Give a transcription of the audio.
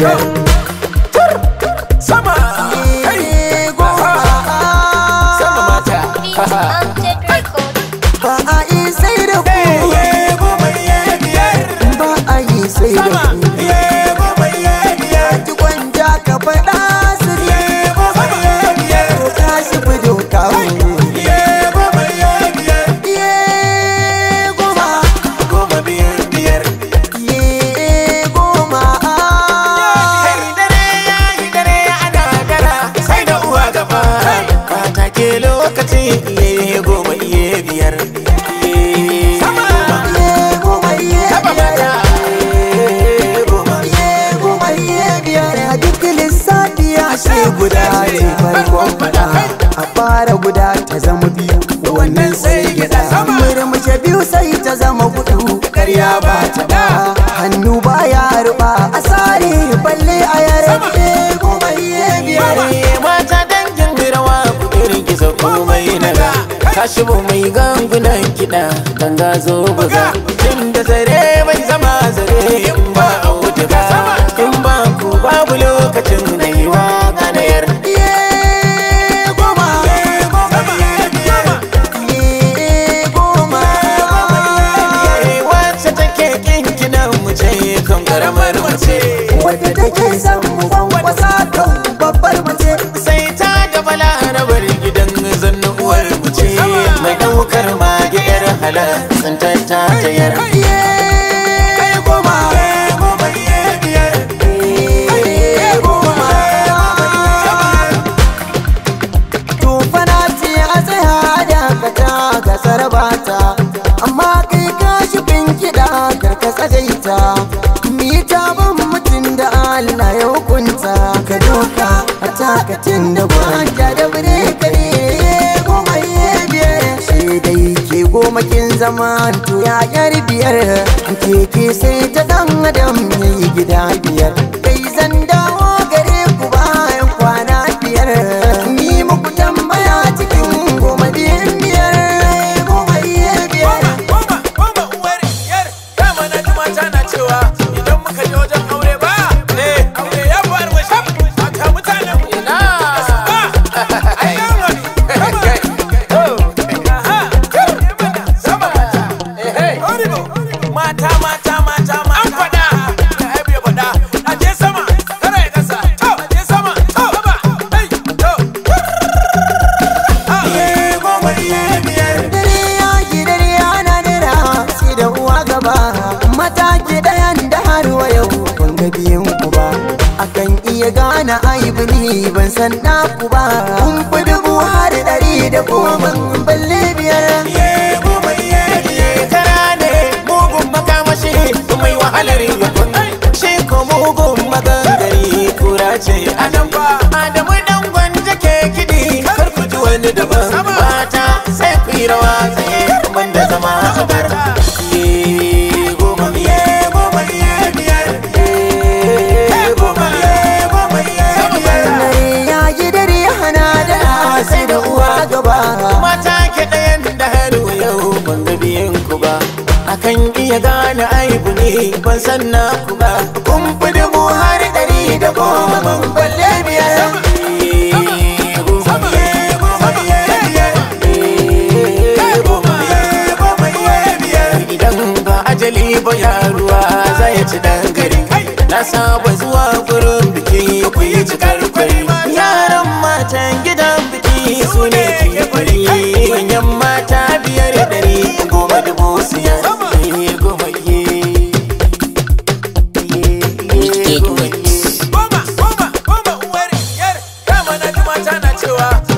biyar sama kai goma sama mata yi sai da ku ba a yi sai da ku fara guda ta zama biyu wannan sai gida sama murmushe biyu sai ta zama hudu karya ba ta ba hannu ba ya ruba asari balle a yarfe kuma iye biyare mata dangin rawa kudin gizo komai naga tashi bu mai gangunan kiɗa ganga gazo buga tun da zare mai zama zare in ba a wuce ba in ba ku babu lokacin karamar mace wadda take san mugan wasa kan babbar mace sai ta gaba larabar gidan zanna uwar mace mai daukar mage yar halar sun ta ta tayar amma kai kashi bin kiɗa karkasa jaita. lokacin da gwanta da bireka ne goma ya biyar sai dai ke goma kin zama to ya yar biyar keke sai ta dan adam yi gida biyar na aibili ban san na ku ba kun fi dubu har ɗari da goma balle biyar ye mu mai ye biye tara ne mugun makamashi mai wahalar yakun shi ko mugun magangari kura ce ana kan iya gane aibu ne ban san na ku ba kun fi dubu har ɗari da goma ban balle biyar ajali ba yaruwa zai ci dangare na saba zuwa gurin biki ku yi cikar kwari yaran matan gidan biki su ne ke kwari manyan mata biyar da mata na cewa